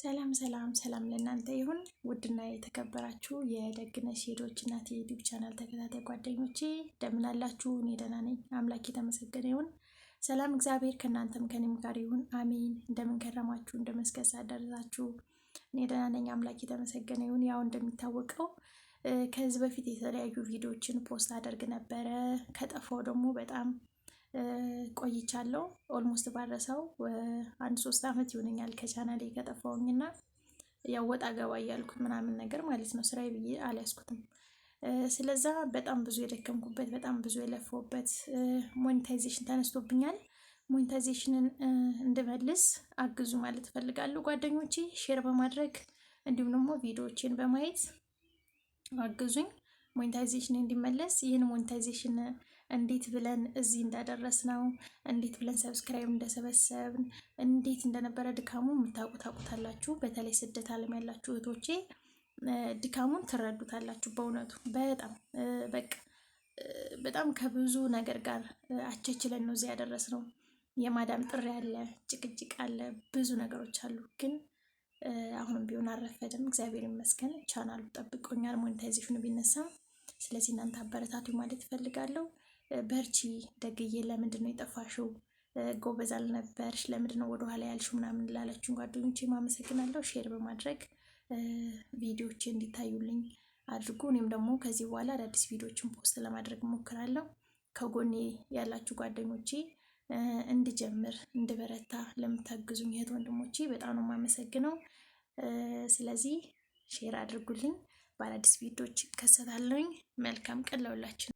ሰላም ሰላም ሰላም ለእናንተ ይሁን ውድና የተከበራችሁ የደግነሽ ሄዶች እናት የዩቲዩብ ቻናል ተከታታይ ጓደኞቼ እንደምናላችሁ፣ እኔ ደህና ነኝ፣ አምላክ የተመሰገነ ይሁን። ሰላም እግዚአብሔር ከእናንተም ከኔም ጋር ይሁን፣ አሜን። እንደምንከረማችሁ እንደመስከሳ ደረሳችሁ። እኔ ደህና ነኝ፣ አምላክ የተመሰገነ ይሁን። ያው እንደሚታወቀው ከዚህ በፊት የተለያዩ ቪዲዮዎችን ፖስት አደርግ ነበረ። ከጠፋው ደግሞ በጣም ቆይቻለሁ። ኦልሞስት ባረሰው አንድ ሶስት አመት ይሆነኛል ከቻናሌ ከጠፋሁኝና ያው ወጣ ገባ እያልኩት ምናምን ነገር ማለት ነው ስራዬ ብዬ አልያዝኩትም። ስለዛ በጣም ብዙ የደከምኩበት በጣም ብዙ የለፈውበት ሞኔታይዜሽን ተነስቶብኛል። ሞኔታይዜሽንን እንድመልስ አግዙ ማለት እፈልጋለሁ ጓደኞቼ ሼር በማድረግ እንዲሁም ደግሞ ቪዲዮዎችን በማየት አግዙኝ። ሞኔታይዜሽን እንዲመለስ ይህን ሞኔታይዜሽን እንዴት ብለን እዚህ እንዳደረስ ነው፣ እንዴት ብለን ሰብስክራይብ እንደሰበሰብን፣ እንዴት እንደነበረ ድካሙ የምታውቁ ታውቁታላችሁ። በተለይ ስደት ዓለም ያላችሁ እህቶቼ ድካሙን ትረዱታላችሁ። በእውነቱ በጣም በቃ በጣም ከብዙ ነገር ጋር አቸችለን ነው እዚህ ያደረስ ነው። የማዳም ጥሪ አለ፣ ጭቅጭቅ አለ፣ ብዙ ነገሮች አሉ። ግን አሁንም ቢሆን አረፈድም። እግዚአብሔር ይመስገን ቻናሉ ጠብቆኛል። ሞኔታይዜሽኑ ቢነሳም ስለዚህ እናንተ አበረታቱ ማለት እፈልጋለሁ። በርቺ ደግዬ፣ ለምንድን ነው የጠፋሽው? ጎበዝ አልነበርሽ? ለምንድን ነው ወደኋላ ያልሽ? ምናምን ላላችሁን ጓደኞቼ ማመሰግናለሁ። ሼር በማድረግ ቪዲዮቼ እንዲታዩልኝ አድርጉ። እኔም ደግሞ ከዚህ በኋላ አዳዲስ ቪዲዮችን ፖስት ለማድረግ እሞክራለሁ። ከጎኔ ያላችሁ ጓደኞቼ እንድጀምር እንድበረታ ለምታግዙኝ እህት ወንድሞቼ በጣም ነው የማመሰግነው። ስለዚህ ሼር አድርጉልኝ። በአዳዲስ ቪዲዮዎች እከሰታለሁኝ። መልካም ቀን ለሁላችን።